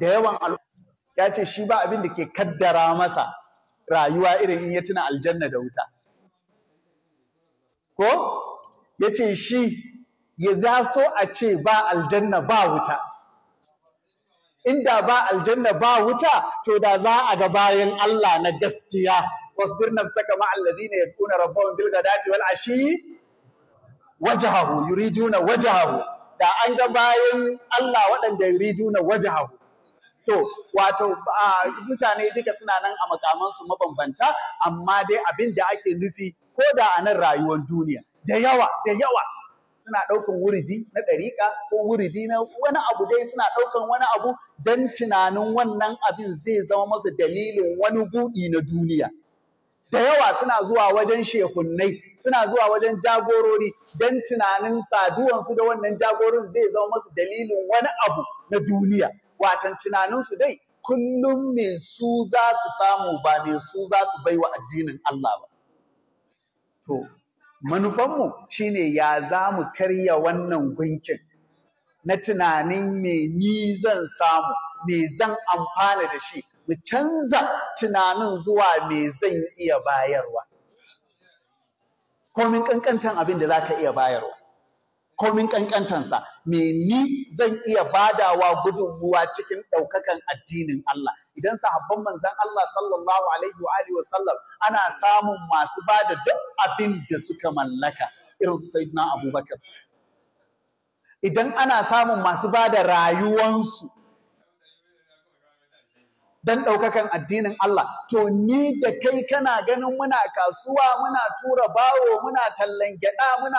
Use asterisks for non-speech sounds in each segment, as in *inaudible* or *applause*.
da yawan ya ce shi ba abin da ke kaddara masa rayuwa irin in ya tuna aljanna da wuta ko ya ce shi ya za so a ce ba aljanna ba wuta inda ba aljanna ba wuta to da za a ga bayan Allah na gaskiya wasbir nafsaka ma alladhina yad'una rabbahum bil ghadati wal ashi wajhahu yuriduna wajhahu da an ga bayan Allah waɗanda yuriduna wajhahu To, wato mutane duka suna nan a makamansu mabambanta, amma dai abin da ake nufi ko da a nan rayuwar duniya. Da yawa, da yawa suna ɗaukan wuridi na ɗariƙa ko wuridi na wani abu dai suna ɗaukan wani abu don tunanin wannan abin zai zama masu dalilin wani buɗi na duniya. Da yawa suna zuwa wajen shekunnai, suna zuwa wajen jagorori don tunanin saduwansu da wannan jagorin zai zama masu dalilin wani abu na duniya. watan tunaninsu dai kullum me su za su samu ba me su za su bai wa addinin Allah ba. To, manufanmu shine ya za mu karya wannan gunkin na tunanin me ni zan samu, me zan amfana da shi, mu canza tunanin zuwa me zan iya bayarwa. Komin ƙanƙantan abin da za ka iya bayarwa. komin ƙanƙantansa, me ni zan iya badawa gudunmuwa cikin ɗaukakan addinin Allah idan sahabban manzon Allah sallallahu alaihi wa alihi wasallam ana samun masu bada duk abin da suka mallaka irin su sayyidina Abubakar idan ana samun masu bada rayuwansu dan ɗaukakan addinin Allah to ni da kai kana ganin muna kasuwa muna tura bawo muna tallan gyaɗa muna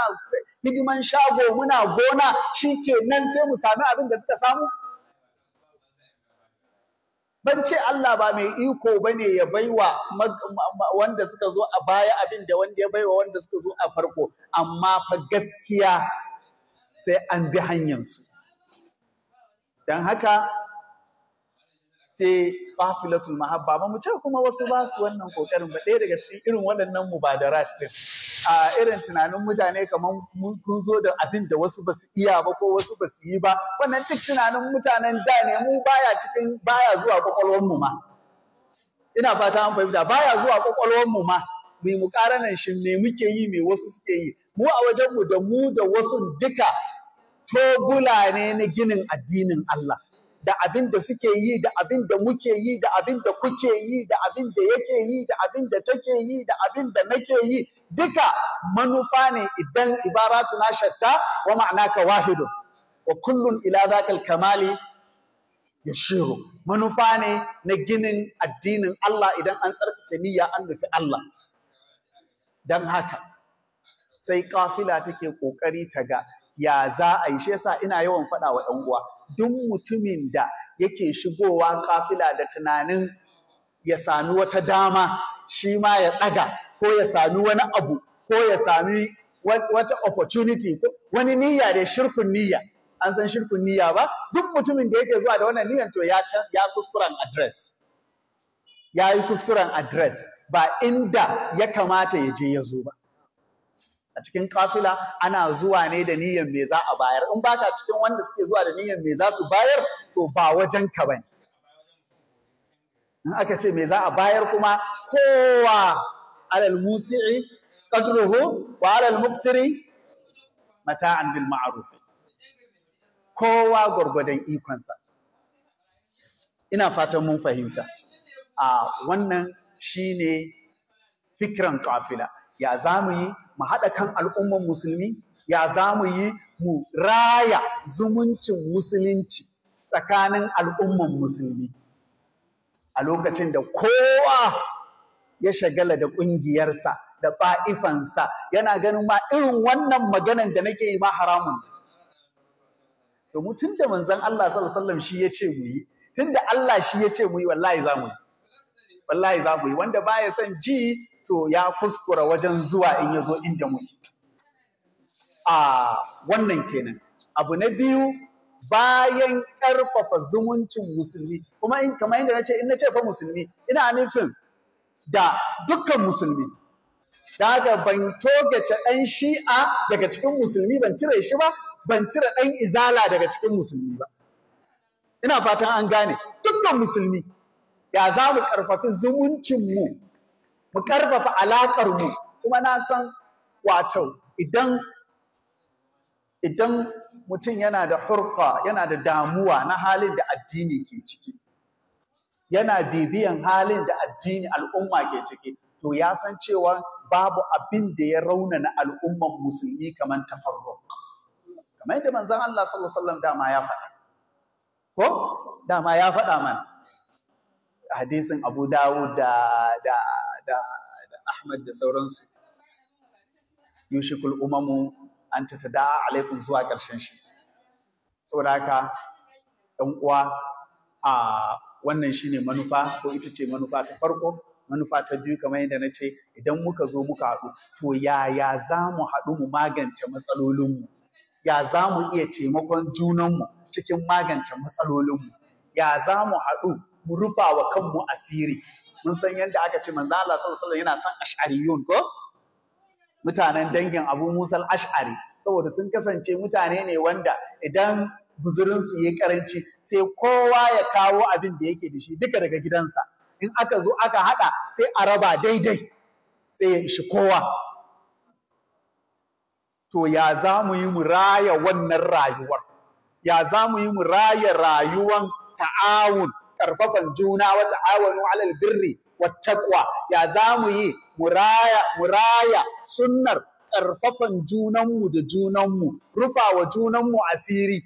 hidiman shago muna gona shikenan sai mu sami abin da suka samu ban ce Allah ba mai iko bane ya baiwa wanda suka zo a baya abin da wanda ya baiwa wanda suka zo a farko amma fa gaskiya sai an bi hanyarsu don haka sai qafilatul mahabba ba mu ce kuma wasu ba su wannan kokarin ba ɗaya daga cikin irin waɗannan mubadarat din a irin tunanin mutane kamar kun zo da abin da wasu ba su iya ba ko wasu ba su yi ba wannan duk tunanin mutanen da ne mu baya cikin baya zuwa kwakwalwar mu ma ina fata an fahimta baya zuwa kwakwalwar mu ma mu mu nan shi me muke yi me wasu suke yi mu a wajen da mu da wasu duka togula ne na ginin addinin Allah da abin da suke yi da abin da muke yi da abin da kuke yi da abin da yake yi da abin da take yi da abin da nake yi duka manufa ne idan ibaratu na shatta wa ka wahidu. wa kullun ila zakal kamali yashiru manufa ne na ginin addinin Allah idan an tsarkake niyya an nufi Allah dan haka sai kafila take kokari ta ga ya za a yi shi yasa ina yawan faɗa wa uwa duk mutumin da yake shigowa kafila da tunanin ya sami wata dama shi ma ya ɗaga ko ya sami wani abu ko ya sami wata opportunity wani niyya da shirkun niyya an san shirkun niyya ba duk mutumin da yake zuwa da wannan niyyan to ya ya kuskuren address ya yi kuskuren address ba inda ya kamata ya je ya zo ba a cikin kafila ana zuwa ne da niyyar me za a bayar in baka cikin wanda suke zuwa da niyyar me za su bayar to ba wajen ka bane in aka ce me za a bayar kuma kowa alal musi'i qadruhu wa alal muqtiri mata'an bil ma'ruf kowa gwargwadon ikonsa ina fatan mun fahimta a wannan shine fikran kafila ya za mu yi mu haɗa kan al'umman musulmi ya za mu yi mu raya zumuncin musulunci tsakanin al'umman musulmi a lokacin da kowa ya shagala da ƙungiyarsa da ba'ifansa yana ganin ma irin wannan maganan da nake yi ma haramun to mutum da manzon Allah sallallahu alaihi shi mu yi tunda Allah shi ce mu yi wallahi za mu yi wallahi za mu yi wanda baya son ji to ya kuskura wajen zuwa in ya zo inda muke a wannan kenan abu na biyu bayan ƙarfafa zumuncin musulmi kuma in kamar yadda nace in nace fa musulmi ina nufin da dukkan musulmi da ban togace ɗan shi'a daga cikin musulmi ban cire shi ba ban cire ɗan izala daga cikin musulmi ba ina fatan an gane dukkan musulmi ya za mu ƙarfafi mu? mu karfafa alaƙar mu kuma na san wato idan idan mutum yana da hurfa yana da damuwa na halin da addini ke ciki yana bibiyan halin da addini al'umma ke ciki to ya san cewa babu abin da ya raunana al'umman musulmi kamar tafarruq kamar yadda manzon Allah sallallahu alaihi wasallam dama ya faɗa ko dama ya faɗa mana hadisin Abu Dawud da da Ahmad da sauransu yushikul umamu an tatada'a alaikun zuwa ƙarshen shi saboda haka ɗan uwa a wannan ne manufa ko ita ce manufa ta farko manufa ta biyu kamar yadda na ce idan muka zo muka haɗu to yaya za mu haɗu mu magance matsalolinmu ya za mu iya taimakon junanmu cikin magance matsalolinmu ya za mu haɗu mu rufa wa kanmu asiri mun san yadda aka ce manzo Allah sallallahu alaihi yana son ash'ariyun ko mutanen dangin Abu Musa al-Ash'ari saboda sun kasance mutane ne wanda idan buzurin su yayi karanci sai kowa ya kawo abin da yake da shi duka daga gidansa in aka zo aka hada sai a raba daidai sai ya ishi kowa to ya za mu yi mu raya wannan rayuwar ya za mu yi mu raya rayuwan ta'awun karfafan juna wa ta'awanu alal birri wa taqwa ya zamu yi muraya muraya sunnar karfafan junanmu da junanmu rufa wa junanmu asiri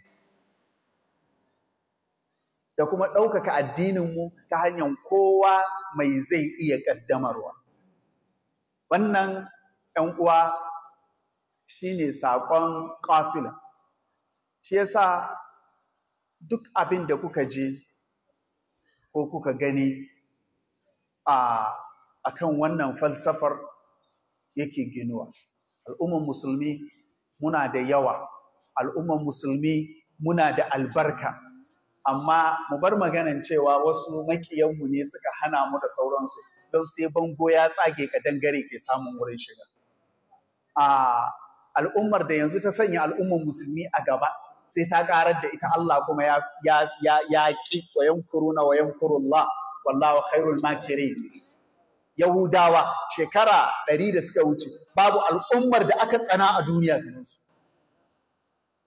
da kuma ɗaukaka addininmu ta hanyar kowa mai zai iya ƙaddamarwa wannan ‘yan uwa shine saƙon ƙafila shi yasa duk abin da kuka je ko kuka gani a akan wannan falsafar yake ginuwa al'umman musulmi muna da yawa al'umman musulmi muna da albarka amma mu bar maganan cewa wasu makiyanmu ne suka hana mu da sauransu don sai bango ya tsage ka dangare ke samun wurin shiga a al'ummar da yanzu ta sanya al'ummar musulmi a gaba sai ta karar da ita Allah kuma ya ya ya ya ki wa yankuruna wa Allah wallahu khairul makirin Yahudawa shekara ɗari da suka wuce babu al'ummar da aka tsana a duniya kamar su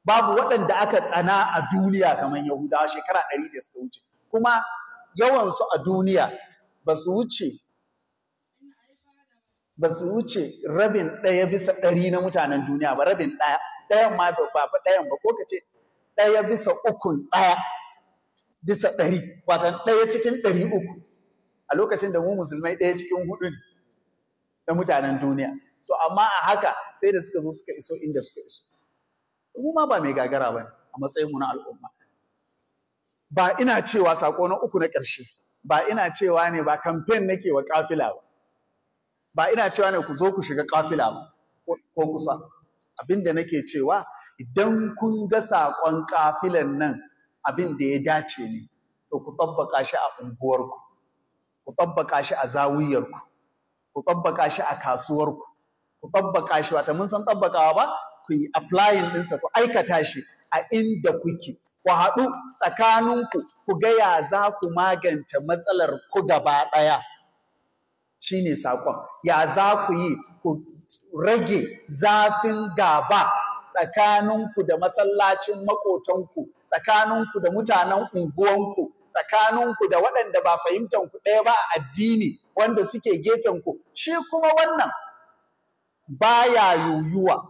babu waɗanda aka tsana a duniya kamar Yahudawa shekara ɗari da suka wuce kuma yawansu a duniya ba su wuce ba su wuce rabin ɗaya bisa ɗari na mutanen duniya ba rabin ɗaya ɗayan ma ba ɗayan ba ko ka ce ɗaya bisa ukun ɗaya bisa ɗari wata ɗaya cikin ɗari uku a lokacin da mu musulmai ɗaya cikin hudu ne na mutanen duniya to amma a haka sai da suka zo suka iso inda suka iso mu ma ba mai gagara ba a matsayin mu na al'umma ba ina cewa sako na uku na ƙarshe ba ina cewa ne ba kamfen nake wa kafila ba ba ina cewa ne ku zo ku shiga kafila ba ko kusa abinda nake cewa idan kun ga saƙon ƙafilan nan abin da ya dace ne to ku tabbaka shi a unguwarku ku tabbaka shi a zawiyarku ku tabbaka shi a kasuwarku ku tabbaka shi wata mun san tabbakawa ba ku yi applying ɗinsa ku aikata shi a inda kuke ku haɗu tsakaninku ku ga ya za ku magance matsalar ku gaba ɗaya shi ne saƙon ya za ku yi ku rage zafin gaba tsakaninku da masallacin makotanku tsakaninku da mutanen unguwanku tsakaninku da waɗanda ba fahimtanku ɗaya ba a addini wanda suke gefenku shi kuma wannan baya yuyuwa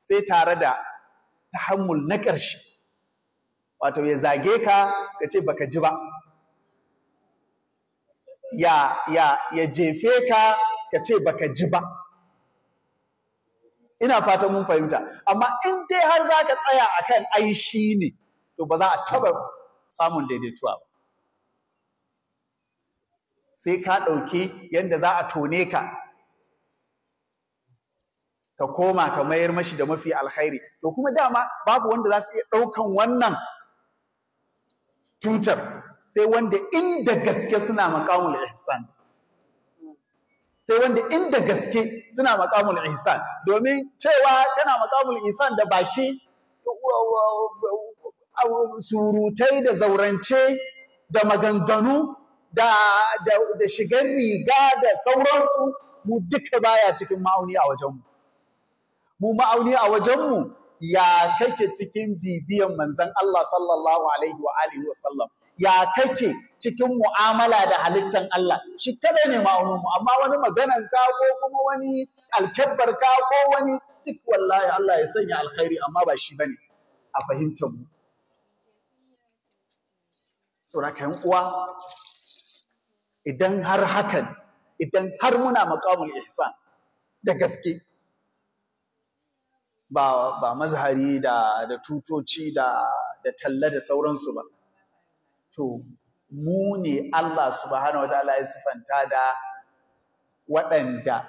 sai tare da tahammul na ƙarshe wato ya zage ka ka ce baka ji ba ya ya jefe ka ka ce baka ji ba ina fata mun fahimta amma in dai har za ka tsaya a kan ai shi ne to ba za a taɓa samun daidaituwa ba sai ka ɗauki yadda za a tone ka ka koma ka mayar mashi da mafi alkhairi to kuma dama babu wanda za su iya ɗaukan wannan tutar sai wanda inda gaske suna makamun ihsan sai wanda inda gaske suna maqamul ihsan domin cewa kana maqamul isan da baki surutai da zaurance da maganganu da da shigar riga da sauransu mu duka baya cikin ma'auni a wajenmu mu ma'auni a wajenmu ya kake cikin bibiyan manzon Allah sallallahu alaihi wa alihi wa sallam ya kake cikin mu'amala da halittan Allah shi kadai ne ma'aunin mu amma wani maganan ka ko kuma wani alkabbar ka ko wani duk wallahi Allah ya sanya alkhairi amma ba shi bane a fahimtar mu saboda yan uwa idan har hakan idan har muna maqamul ihsan da gaske ba ba mazhari da da tutoci da da talla da sauransu ba to mu ne Allah subhanahu wataala ya sifanta da waɗanda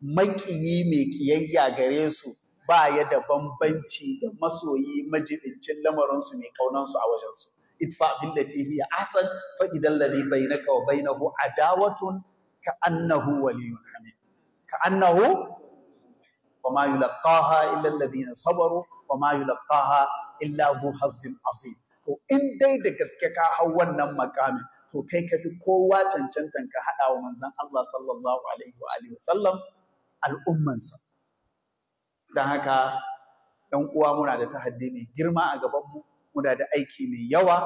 maƙiyi mai ƙiyayya gare su ba ya da bambanci da masoyi majibincin lamarinsu mai ƙaunansu a wajensu. Idfa billati hiya ahsan fa idan ladhi bainaka wa bainahu adawatun ka annahu waliyyun hamid. Ka annahu wa ma yulqaha illa alladhina sabaru wa ma yulqaha illa hu hazzin asib. to in dai da gaske ka hau wannan makamin to kai ka fi kowa cancantan ka haɗa wa manzan Allah sallallahu alaihi wa alihi wasallam al'ummansa dan haka dan uwa muna da tahaddi mai girma a gaban mu, muna da aiki mai yawa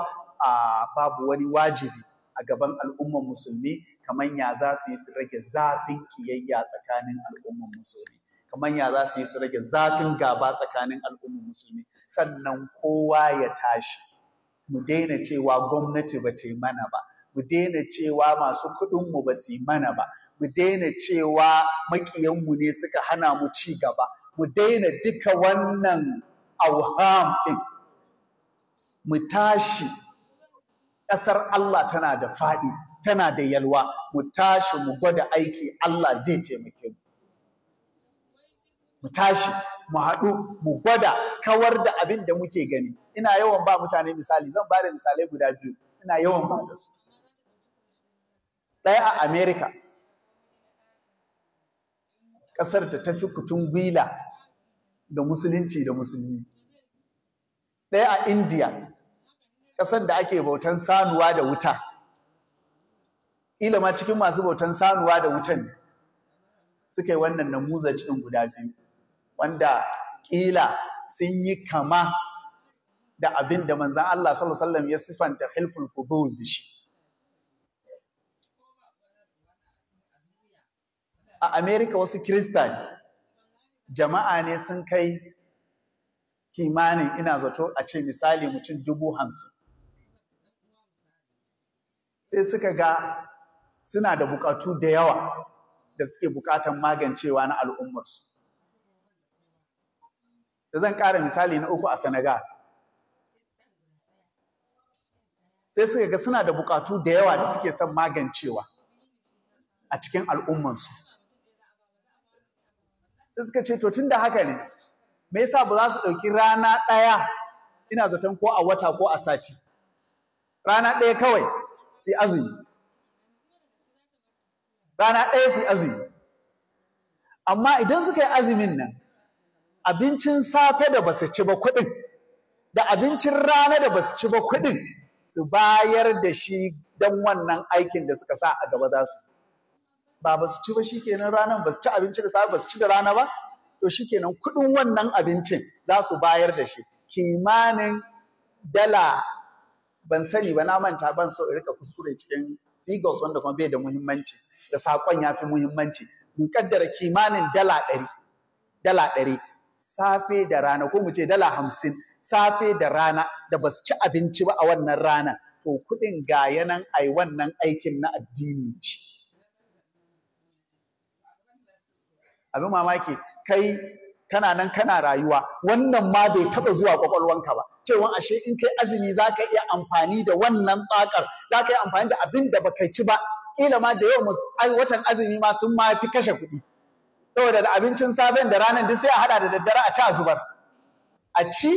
a babu wani wajibi a gaban al'umman musulmi kamar ya za su yi su rage zafin kiyayya tsakanin al'umman musulmi kamar ya za su yi su rage zafin gaba tsakanin al'umman musulmi sannan kowa ya tashi mu daina cewa gwamnati ba yi mana ba mu daina cewa masu kuɗinmu ba su yi mana ba mu daina cewa maƙiyanmu ne suka hana mu ci gaba mu daina duka wannan auham ɗin mu tashi ƙasar Allah tana da faɗi tana da yalwa mu tashi mu gwada aiki Allah zai taimake mu mu tashi mu haɗu mu gwada kawar da abin da muke gani ina yawan ba mutane misali zan ba da misalai guda biyu ina yawan ba da su ɗaya a america ƙasar da ta fi kutun gwila da musulunci da musulmi ɗaya a Indiya, ƙasar da ake bautan sanuwa da wuta ilima cikin masu bautan sanuwa da wutan suka yi wannan namuzar cikin guda biyu wanda ƙila sun yi kama da abin da manzan Allah sallallahu ya sifanta hilful fudul da shi. A Amerika wasu Kirista jama'a ne sun kai kimanin ina zato a ce misali mutum dubu hamsin. Sai suka ga suna da bukatu da yawa da suke bukatan magancewa na al'ummarsu. da zan ƙara misali na uku a sanaga. sai suka ga suna da buƙatu da yawa da suke son magancewa a cikin al'ummansu sai suka ce to tun da haka ne me sa ba za su ɗauki rana ɗaya ina zaton ko a wata ko a sati rana ɗaya kawai sai azumi rana ɗaya sai azumi amma idan suka yi azumin nan abincin safe da basu ci ba kuɗin da abincin rana da ba su ci ba kuɗin su bayar da shi don wannan aikin da suka sa a gaba za su ba ba su ci ba shikenan ranar ba su ci abinci da safe ba su ci da rana ba to shikenan kuɗin wannan abincin za su bayar da shi kimanin dala ban sani ba na manta ban so in rika kuskure cikin figures wanda kuma bai da muhimmanci da saƙon ya fi muhimmanci mun kaddara kimanin dala ɗari dala ɗari safe da rana ko mu ce dala hamsin safe da rana da ba su ci abinci ba a wannan rana to kuɗin ga yanan ai wannan aikin na addini shi abin mamaki kai kana nan kana rayuwa wannan ma bai taɓa zuwa ƙwaƙwalwanka ba cewa ashe in kai azumi za ka iya amfani da wannan tsakar za ka iya amfani da abin da baka ci ba ƙila ma da yau watan azumi ma sun ma fi kashe kuɗi saboda da abincin sabon da ranar duk sai a hada da daddare a ci a zubar a ci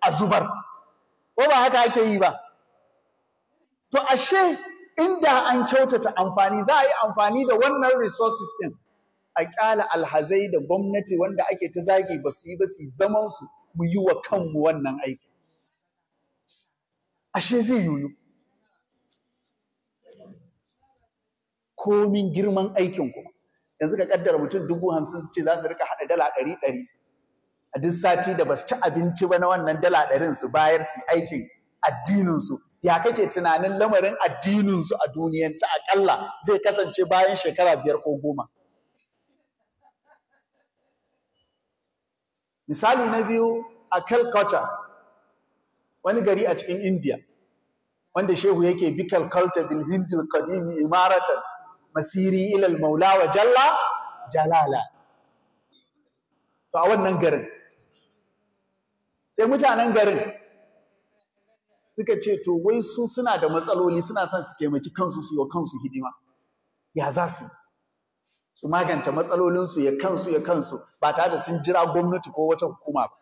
a zubar ko ba haka ake yi ba to ashe inda an kyautata amfani za a yi amfani da wannan resources din a kyala alhazai da gwamnati wanda ake ta zagi ba su yi ba su zaman su mu yi wa kanmu wannan aiki ashe zai yiwu komin girman aikin kuma yanzu ka kaddara mutum dubu hamsin su ce za su rika haɗa dala ɗari ɗari a duk sati da ba su ci abinci ba na wannan dala ɗarin su bayar su aikin addininsu ya kake tunanin lamarin addininsu a ta akalla zai kasance bayan shekara biyar ko goma misali na biyu a calcutta wani gari a cikin india wanda shehu yake bi calcutta bil hindu kadimi imaratan masiri ilal maula wa jalla jalala to a wannan garin sai mutanen garin suka ce to wai su suna da matsaloli suna son su taimaki kansu su yi kansu hidima ya za su su maganta matsalolinsu ya kansu ya kansu ba ta da sun jira gwamnati ko wata hukuma ba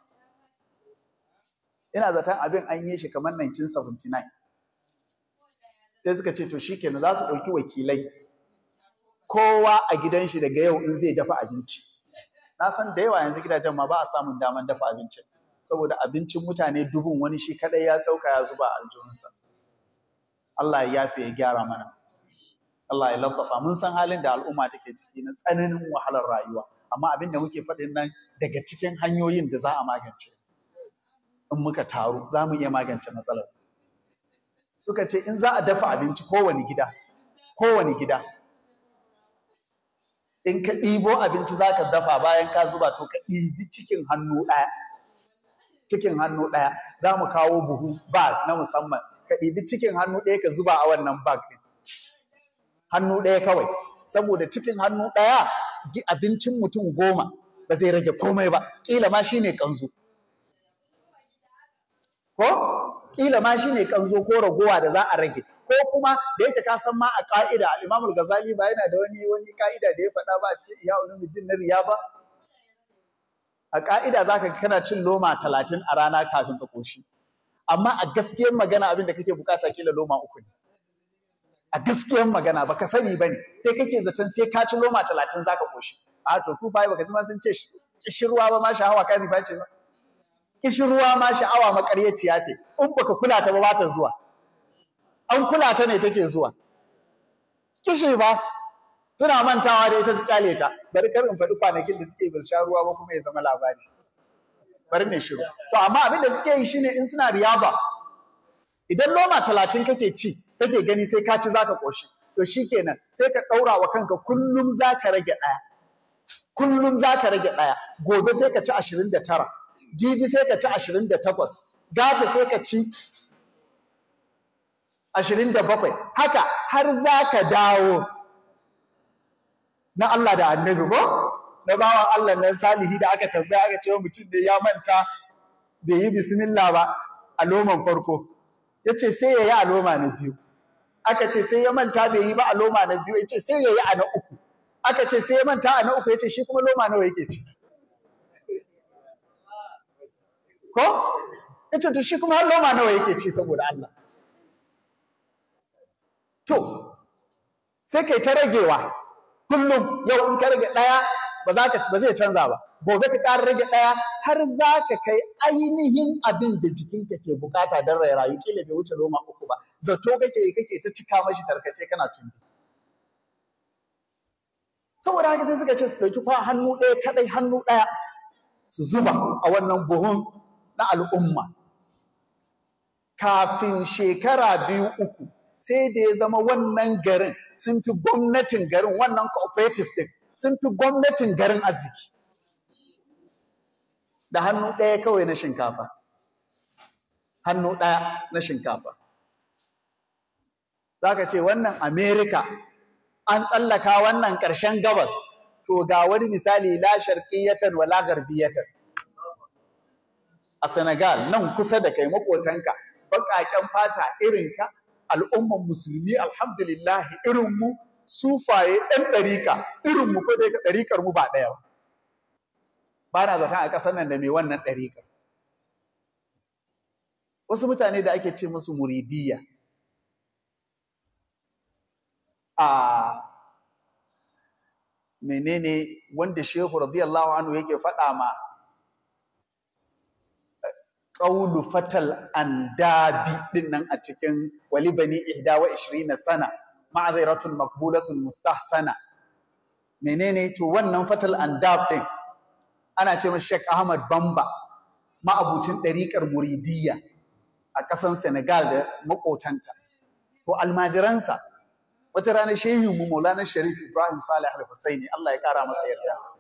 ina zaton abin an yi shi kamar 1979 sai suka ce to shi kenan za su ɗauki wakilai kowa a gidan shi daga yau in zai dafa abinci na san da yawa yanzu gidajen ma ba a samun daman dafa abinci. saboda abincin mutane dubun wani shi kadai ya dauka ya zuba aljihunsa Allah ya yafe ya gyara mana Allah ya labbafa mun san halin da al'umma take ciki na tsananin wahalar rayuwa amma abin da muke faɗin nan daga cikin hanyoyin da za a magance in muka taru za mu iya magance matsalar suka ce in za a dafa abinci kowane gida kowane gida in ka ɗibo abinci za ka dafa bayan ka zuba to ka ɗibi cikin hannu ɗaya cikin hannu ɗaya za mu kawo buhu bag na musamman ka ɗibi cikin hannu ɗaya ka zuba a wannan bag ɗin hannu ɗaya kawai saboda cikin hannu ɗaya abincin mutum goma ba zai rage komai ba ƙila ma shine ƙanzo ko ƙila ma shine ƙanzo ko ragowa da za a rage ko kuma da yake ka san ma a ka'ida al-Imam al-Ghazali ba yana da wani wani ka'ida da ya faɗa ba a cikin Ihya jin na riya ba a ka'ida zaka kana cin loma 30 a rana kafin ka koshi amma a gaskiyar magana abin da kake bukata kila loma uku ne a gaskiyar magana baka sani bane sai kake zaton sai ka ci loma 30 zaka koshi a to su fa baka ji ma sun ce kishirwa ba ma sha'awa k'a ba ce ba kishirwa ma sha'awa makaryaciya ce in baka kula ta ba ba ta zuwa an kula ta ne take zuwa kishi ba suna mantawa da ita su kyale ta bari kar in faɗi kwanakin da suke ba su sha ruwa ba kuma ya zama labari bari ne shiru to amma abin da suke yi shi ne in suna riyaba idan loma talatin kake ci kake gani sai ka ci zaka koshi to shikenan sai ka ɗaura wa kanka kullum zaka rage ɗaya kullum zaka rage ɗaya gobe sai ka ci ashirin da tara jibi sai ka ci ashirin da takwas gata sai ka ci ashirin da bakwai haka har za ka dawo na Allah da annabi ko na bawan Allah nan salihi da aka tambaya aka ce mutum da ya manta bai yi bismillah ba a loman farko ya ce sai ya yi a loma na biyu aka ce sai ya manta bai yi ba a loma na biyu ya ce sai ya yi a na uku aka ce sai ya manta a na uku ya ce shi kuma loma nawa yake ci ko ya ce to shi kuma har loma nawa yake ci saboda Allah to sai kai ta ragewa kullum yau in ka rage ɗaya ba za ka ba zai canza ba gobe ka ƙara rage ɗaya har za ka kai ainihin abin da jikinka ke bukata don rayu kila bai wuce roma uku ba zato kake kake ta cika mashi tarkace kana tunbi. saboda haka sai suka ce su dauki kwa hannu ɗaya kaɗai hannu ɗaya su zuba a wannan buhun na al'umma kafin shekara biyu uku sai da ya zama wannan garin sun fi gwamnatin garin wannan cooperative din sun fi gwamnatin garin arziki da hannu ɗaya kawai na shinkafa hannu ɗaya na shinkafa za ka ce wannan america an tsallaka wannan ƙarshen gabas to ga wani misali la sharqiyatan wa la garbiyatan a senegal nan kusa da kai makotanka baƙaƙen fata irinka al'umman musulmi alhamdulillahi irin sufaye ɗan ɗarika irinmu ko dai ɗarikar mu ba ɗaya ba ba na zaton a ƙasar nan da mai wannan ɗarika wasu mutane da ake ce musu muridiyya a menene wanda shehu radiyallahu anhu yake faɗa ma ƙaulu fatal andabi din nan a cikin wali bani ihda wa ishirina sana ma'azairatun makbulatun mustahsana menene to wannan fatal andab ɗin ana ce masa Sheikh Ahmad Bamba ma'abucin ɗariƙar muridiyya a ƙasar Senegal da maƙotanta. to almajiransa wata rana shehin mu Maulana Sharif Ibrahim Salih Al-Husaini Allah ya ƙara masa yarda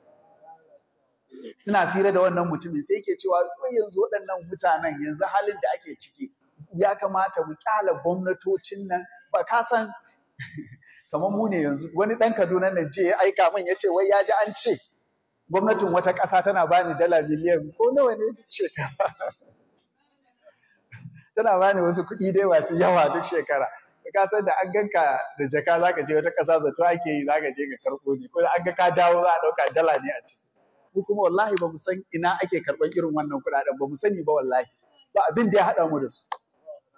suna fira da wannan mutumin sai yake cewa ko yanzu waɗannan mutanen yanzu halin da ake ciki ya kamata mu kyala gwamnatocin nan ba ka san *laughs* kamar mu ne yanzu wani ɗan Kaduna nan je ya aika min ya ce wai ya ji an ce gwamnatin wata ƙasa tana bani dala miliyan ko nawa ne duk shekara *laughs* tana bani wasu kuɗi dai masu yawa duk shekara ka san da an ganka da jaka ka je wata ƙasa zato ake yi zaka je ka karɓo ne ko an ga ka dawo za a ɗauka dala ne a ciki mu kuma wallahi ba mu san ina ake karɓar irin wannan kuɗaɗen ba mu sani ba wallahi ba abin da ya haɗa mu da su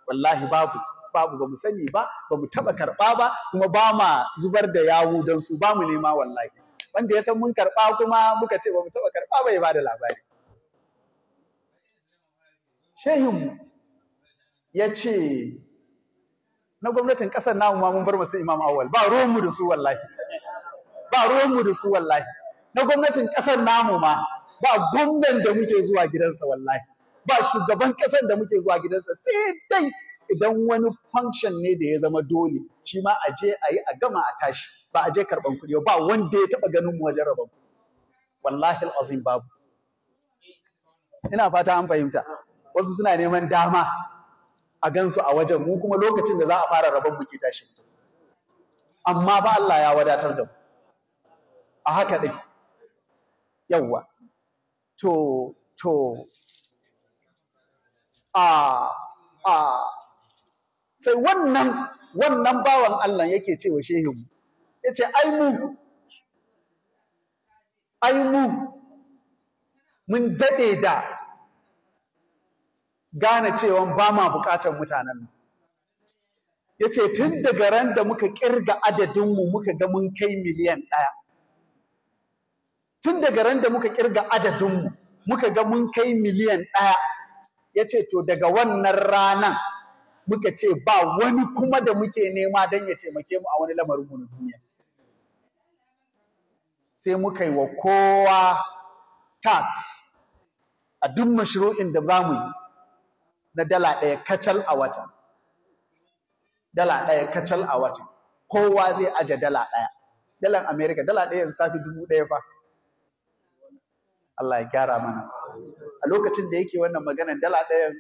wallahi babu babu ba mu sani ba ba mu taɓa karɓa ba kuma ba ma zubar da yawu don su ba mu nema wallahi wanda ya san mun karɓa kuma muka ce ba mu taɓa karɓa ba ya ba da labari shehinmu ya ce na gwamnatin ƙasar namu ma mun bar masu imam awal ba ruwanmu da su wallahi ba ruwanmu da su wallahi na gwamnatin ƙasar namu ma ba gwamnan da muke zuwa gidansa wallahi ba shugaban ƙasar da muke zuwa gidansa sai dai idan wani function ne da ya zama dole shi ma a je a yi a gama a tashi ba a je karɓan kuɗi ba wanda ya taɓa ganin mu wajen rabon wallahi al'azim babu ina fata an fahimta wasu suna neman dama a gansu a wajen mu kuma lokacin da za a fara rabon muke tashi amma ba Allah ya wadatar da mu a haka ɗin yawwa to to a a sai wannan wannan bawan Allah yake cewa shehin yace ai mu ai mu mun dade da gane cewa ba ma bukatar mutanen yace tun daga ran da muka kirga mu muka ga mun kai miliyan ɗaya tun daga ran da muka kirga adadinmu muka ga mun kai miliyan ɗaya ya ce to daga wannan ranan muka ce ba wani kuma da muke nema don ya taimake mu a wani lamarinmu na duniya sai muka yi wa kowa tax a duk mashru'in da za mu yi na dala ɗaya kacal a wata dala ɗaya kacal a wata kowa zai aje dala ɗaya dalan america dala ɗaya yanzu ta fi dubu ɗaya fa Allah ya gyara mana a lokacin da yake wannan maganan dala ɗayan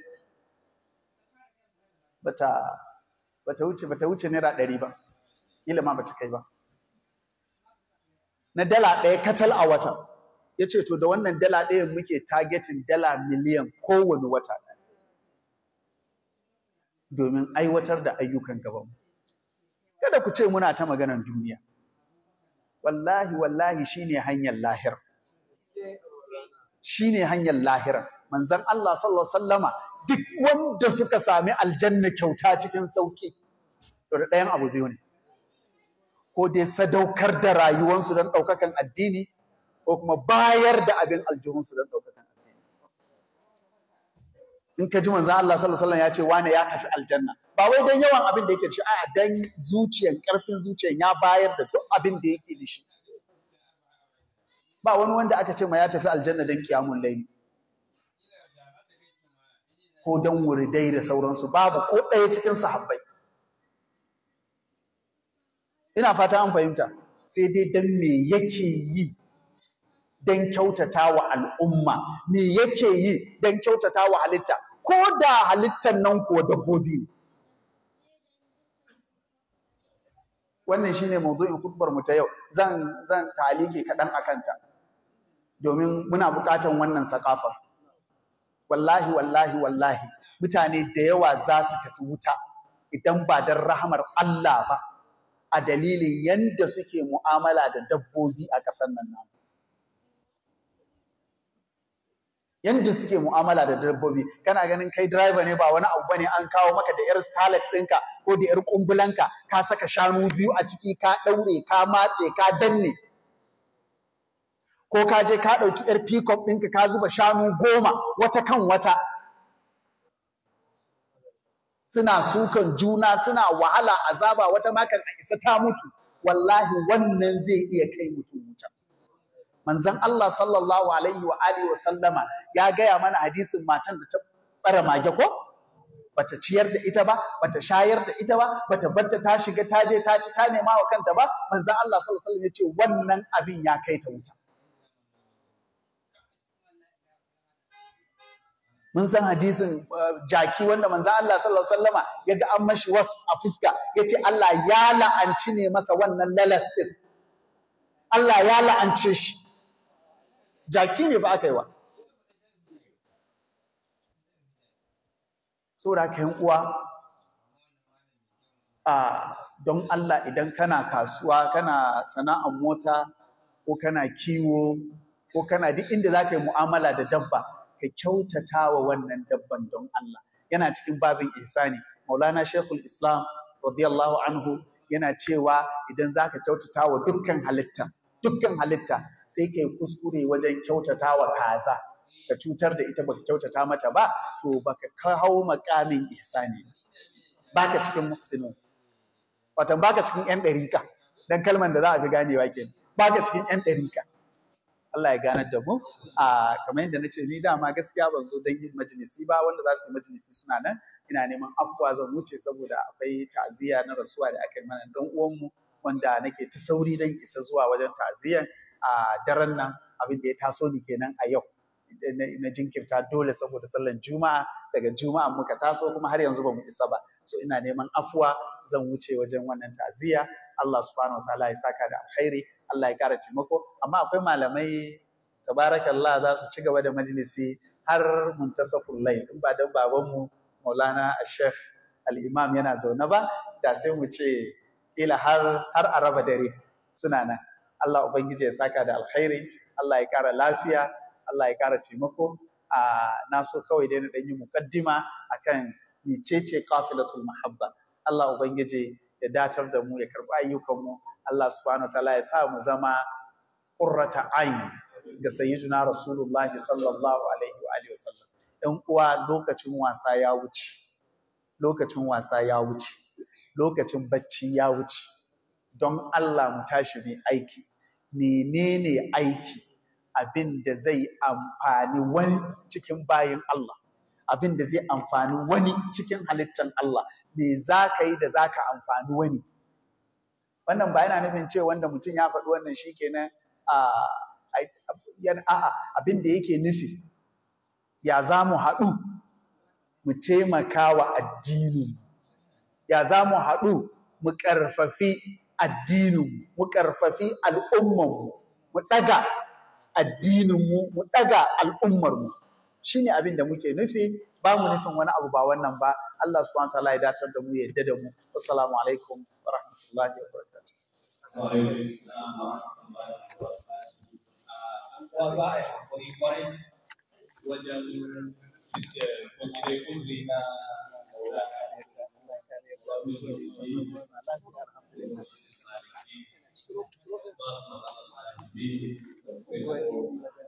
bata wuce naira ɗari ba ilima bata kai ba na dala ɗaya katal a wata ya ce to da wannan dala ɗayan muke targetin dala miliyan kowane wata domin aiwatar da ayyukan gabanmu kada ku ce muna ta maganar duniya wallahi wallahi shine hanyar lahir shine hanyar lahira manzon Allah sallallahu alaihi wasallama duk wanda suka sami aljanna kyauta cikin sauki to da ɗayan abu biyu ne ko dai sadaukar da rayuwarsu don ɗaukakan addini ko kuma bayar da abin aljihunsu don ɗaukakan addini in ka ji manzon Allah sallallahu alaihi wasallam ya ce wane ya tafi aljanna ba wai dan yawan abin da yake ci a dan zuciyar karfin zuciyar ya bayar da duk abin da yake da shi ba wani wanda aka ce ma ya tafi aljanna don kiyamun laini ko dan wuridai da sauransu babu ko ɗaya cikin sahabbai ina fata an fahimta sai dai don me yake yi don kyautata wa al'umma me yake yi don kyautata wa halitta ko da halittar nan kuwa dabbobi ne wannan shine mawdu'in khutbar mu ta yau zan zan talike kaɗan kanta. domin muna buƙatar wannan sakafar wallahi wallahi wallahi mutane da yawa za su tafi wuta idan ba don rahamar Allah ba a dalilin yadda suke mu'amala da dabbobi a ƙasar nan namu yadda suke mu'amala da dabbobi kana ganin kai driver ne ba wani abu bane an kawo maka da yar stalet ɗinka ko da yar kumbulanka ka saka shanu biyu a ciki ka ɗaure ka matse ka danne ko ka je ka ɗauki yar pickup ɗinka ka zuba shanu goma wata kan wata suna sukan juna suna wahala azaba wata makan a isa ta mutu wallahi wannan zai iya kai mutum wuta manzon Allah sallallahu alaihi wa wa sallama ya gaya mana hadisin matan da ta tsara mage ko bata ciyar da ita ba bata shayar da ita ba bata barta ta shiga ta je ta ci ta nema wa kanta ba manzon Allah sallallahu alaihi wa sallam ya ce wannan abin ya kai ta wuta mun san hadisin uh, jaki wanda manzon Allah sallallahu alaihi wasallama ya ga an mashi wasu a fuska yace Allah ya la'anci ne masa wannan lalas din Allah ya la'ance shi jaki ne ba aka yi wa ka uwa a don Allah idan kana kasuwa kana sana'ar mota ko kana kiwo ko kana duk inda za yi mu'amala da dabba ka kyautata wa wannan dabban don Allah yana cikin babin ihsani maulana shekul islam radiyallahu anhu yana cewa idan za ka kyautata wa dukkan halitta dukkan halitta sai ka yi kuskure wajen kyautata wa kaza ka cutar da ita baka kyautata mata ba to baka kawo makamin ba baka cikin muhsinu watan baka cikin yan ɗarika dan kalman da za a ga ganewa kenan baka cikin yan ɗarika Allah ya gane da mu a kamar yadda ce ni dama gaskiya ban zo don yin majalisi ba wanda za su yi majalisi suna nan ina neman afuwa zan wuce saboda akwai ta'aziyya na rasuwa da aka yi mana dan uwanmu wanda nake ta sauri dan isa zuwa wajen ta'aziyyan a daren nan abin da ya taso ni kenan a yau na jinkirta dole saboda sallan juma'a daga juma'a muka taso kuma har yanzu ba mu isa ba so ina neman afuwa zan wuce wajen wannan ta'aziyya Allah subhanahu wa ta'ala ya saka da alkhairi Allah ya kara taimako amma akwai malamai tabarakallah za su ci gaba da majalisi har muntasaful layl in ba dan baban mu Maulana Sheikh Al-Imam yana zaune ba da sai mu ce ila har har araba dare suna nan Allah ubangiji ya saka da alkhairi Allah ya kara lafiya Allah ya kara taimako a na so kawai dai na dan yi mukaddima akan mecece kafilatul mahabba Allah ubangiji ya datar da mu ya karbi ayyukan mu Allah subhanahu wa ta'ala ya sa mu zama qurrata ayn ga sayyidina rasulullahi sallallahu alaihi wa alihi wasallam ɗan uwa lokacin wasa ya wuce lokacin wasa ya wuce lokacin bacci ya wuce don Allah mu tashi mai aiki menene aiki abin da zai amfani wani cikin bayin Allah abin da zai amfani wani cikin halittan Allah me za ka yi da za ka amfani wani wannan ba yana nufin ce wanda mutum ya faɗi wannan shi kenan a'a abin da yake nufi ya za mu haɗu mu taimaka wa addini ya za mu haɗu mu ƙarfafi addininmu mu ƙarfafi al'ummarmu mu ɗaga addininmu mu ɗaga al'ummarmu shi ne abin da muke nufi ba mu nufin wani abu ba wannan ba Allah subhanahu wa ta'ala ya datar da mu yadda da mu assalamu alaikum wa الله وبركاته وعليكم السلام ورحمة الله وبركاته وضع حقري قرن وجل وكذا كل ما مولانا اللهم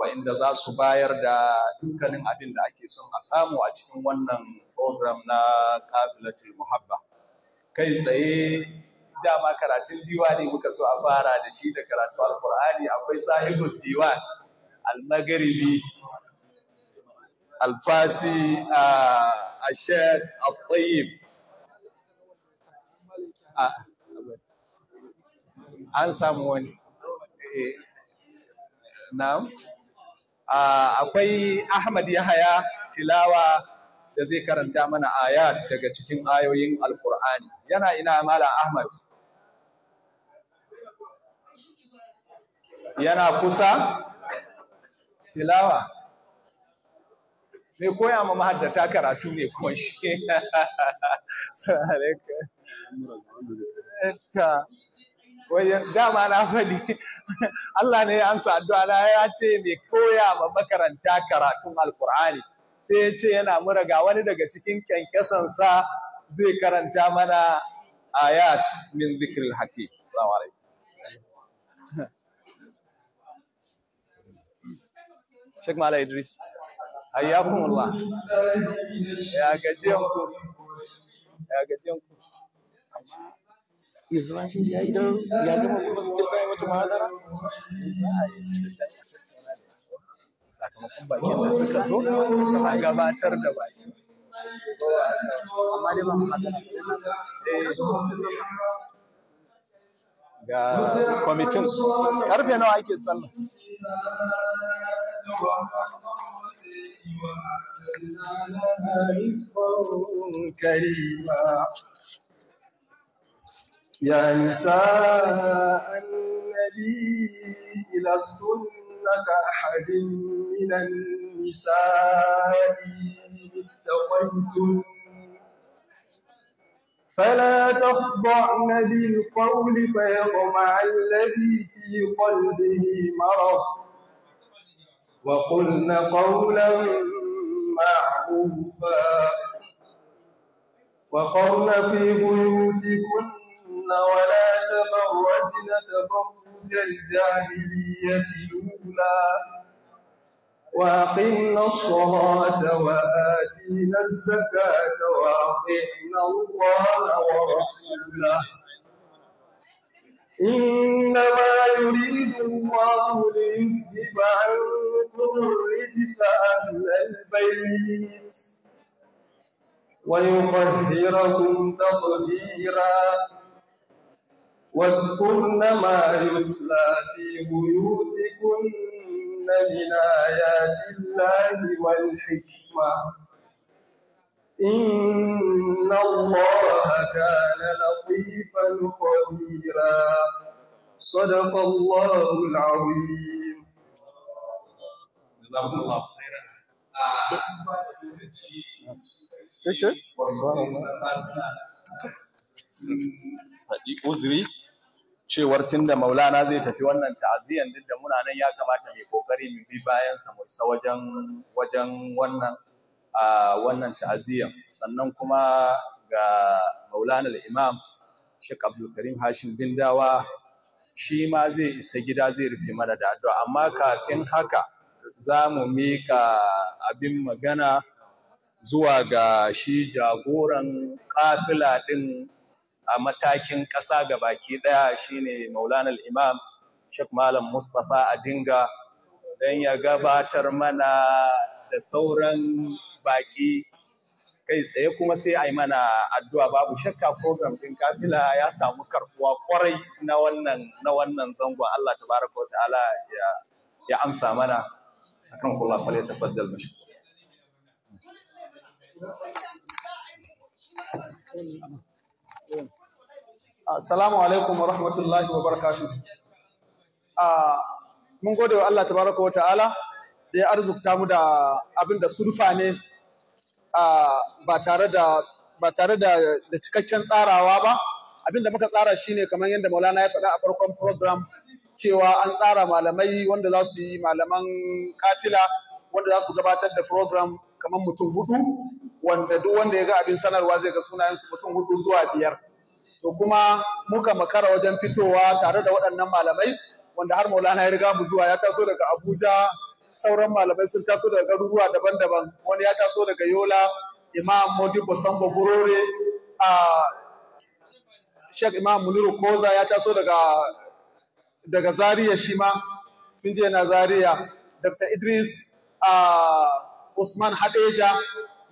wa'inda za su bayar da dukkanin abin da ake son a samu a cikin wannan program na kafilatul muhabba kai tsaye dama karatun diwani muka so a fara da shi da karatu alkur'ani akwai sahibul diwan almagaribi alfasi a ah, shek al-tayyib ah, an samu wani eh, na'am akwai Ahmad Yahaya Tilawa da zai karanta mana ayat daga cikin ayoyin Alƙur'ani. Yana ina Malam Ahmad. Yana kusa? Tilawa. Mai koya ma mahaddata karatu ne kuma shi. *laughs* wajen dama na faɗi Allah ne ya amsa addu'a na ya ce mai koya ma makaranta karatun alkur'ani sai ya ce yana mura ga wani daga cikin kyankyasansa zai karanta mana ayat min zikril hakim alaikum Mala Idris ya yanzu ma shi ya idan ya gama kuma su kirga wata mahadara sakamakon bakin da suka zo a gabatar da baki amma eh, ga kwamitin karfe nawa ake sallah كريما يا نساء النبي لستن كأحد من النساء اتقيتن فلا تخضعن بالقول فيطمع الذي في قلبه مرض وقلن قولا معروفا وقرن في بيوتكن ولا تبرجن تبرج الجاهلية الأولى وأقمنا الصلاة وآتينا الزكاة وأطعنا الله ورسوله إنما يريد الله ليذهب عنكم الرجس أهل البيت ويطهركم تطهيرا واذكرن ما يتلى في بيوتكن من آيات الله والحكمة إن الله كان لطيفا خبيرا صدق الله العظيم جزاكم الله خيرا Peki. Hadi uzri. cewar tunda maulana zai tafi wannan ta'aziyan duk da muna nan ya kamata mai kokari mu bi bayan sa mu isa wajen wajen wannan a wannan ta'aziyan sannan kuma ga maulana imam Sheikh Abdul Karim Hashim bin shi ma zai isa gida zai rufe mana da addu'a amma kafin haka za mu mika abin magana zuwa ga shi jagoran kafila din a matakin ƙasa ga baki ɗaya shine maulana imam Sheikh Malam Mustapha Adinga don ya gabatar mana da sauran baki kai tsaye kuma sai a yi mana addu'a babu shakka program ɗin kafila ya samu karɓuwa kwarai na wannan na wannan zangon Allah tabaraka wa ta'ala ya amsa mana akan fa tafaddal Thank Assalamu alaikum wa rahmatullahi wa barakatu. Ah, mun gode wa Allah tabaraka wa ta'ala da ya arzikta mu da abin da surfa ne ah, ba tare da cikakken tsarawa ba abin da muka tsara shi ne kamar yadda Maulana ya faɗa a farkon program cewa an tsara malamai wanda za su yi malaman kafila wanda za su gabatar da program kamar mutum hudu wanda duk wanda ya ga abin sanarwa zai ga sunayensu mutum hudu zuwa biyar to kuma muka makara wajen fitowa tare da waɗannan malamai wanda har maulana ya riga mu zuwa ya taso daga abuja sauran malamai sun taso daga garuruwa daban-daban wani ya taso daga yola imam modibo sambo gurore a shek imam muniru koza ya taso daga daga zaria shi ma sun je na zaria dr idris usman hadeja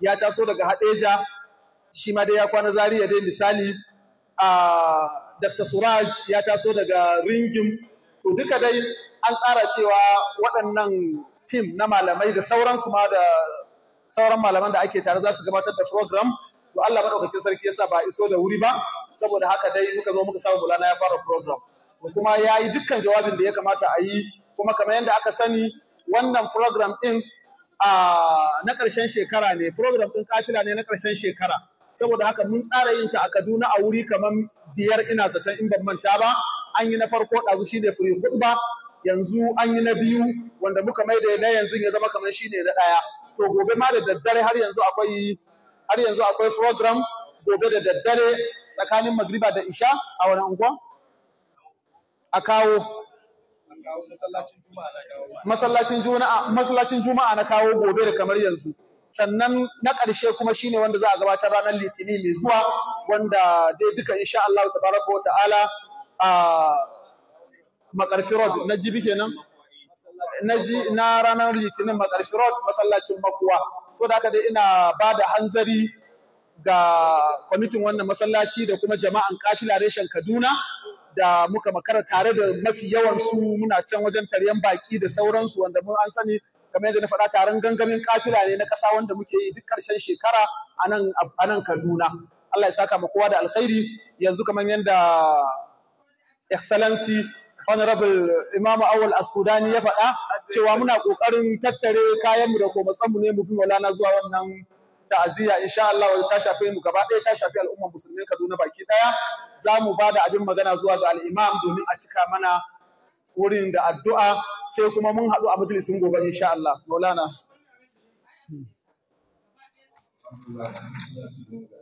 ya taso daga hadeja shi ma dai ya kwana zariya dai misali Dr. Suraj ya taso daga ringin to duka dai an tsara cewa waɗannan tim na malamai da sauransu ma da sauran malaman da ake tare za su gabatar da program to Allah ɗaukakin sarki yasa ba iso da wuri ba saboda haka dai muka zo muka samu Mulana ya fara program kuma ya yi dukkan jawabin da ya kamata a yi kuma kamar yadda aka sani wannan program ɗin na ƙarshen shekara ne program ɗin kafila ne na ƙarshen shekara saboda haka mun tsara yin sa a Kaduna a wuri kaman biyar ina zaton in ban manta ba an yi na farko ɗazu shi ne free khutba yanzu an yi na biyu wanda muka maida na yanzu ya zama kaman shi ne na ɗaya to gobe ma da daddare har yanzu akwai har yanzu akwai program gobe da daddare tsakanin magriba da isha a wani unguwa a kawo masallacin juma'a na kawo gobe da kamar yanzu sannan na ƙarshe kuma shine wanda za a gabatar ranar litini mai zuwa wanda dai duka insha Allah baraka wa ta'ala a makarfi road na jibi kenan na ji na ranar litinin makarfi road masallacin makuwa to da haka dai ina ba da hanzari ga kwamitin wannan masallaci da kuma jama'an kafila reshen kaduna da muka makara tare da mafi yawan su muna can wajen taryen baki da sauransu wanda mun an sani kamar yadda na faɗa taron gangamin kafila ne na ƙasa wanda muke yi duk ƙarshen shekara a nan Kaduna Allah ya saka ma kowa da alkhairi yanzu kamar yadda excellency honorable Imam awal as-sudani ya faɗa cewa muna ƙoƙarin tattare kayanmu da komatsanmu ne mu bi walana zuwa wannan ta'aziyya insha Allah ta shafe mu gaba ɗaya ta shafi al'ummar musulmin Kaduna baki ɗaya za mu ba da abin magana zuwa ga al'imam domin a cika mana wurin da addu'a sai kuma mun haɗu a majalisin gobe insha Allah maulana hmm.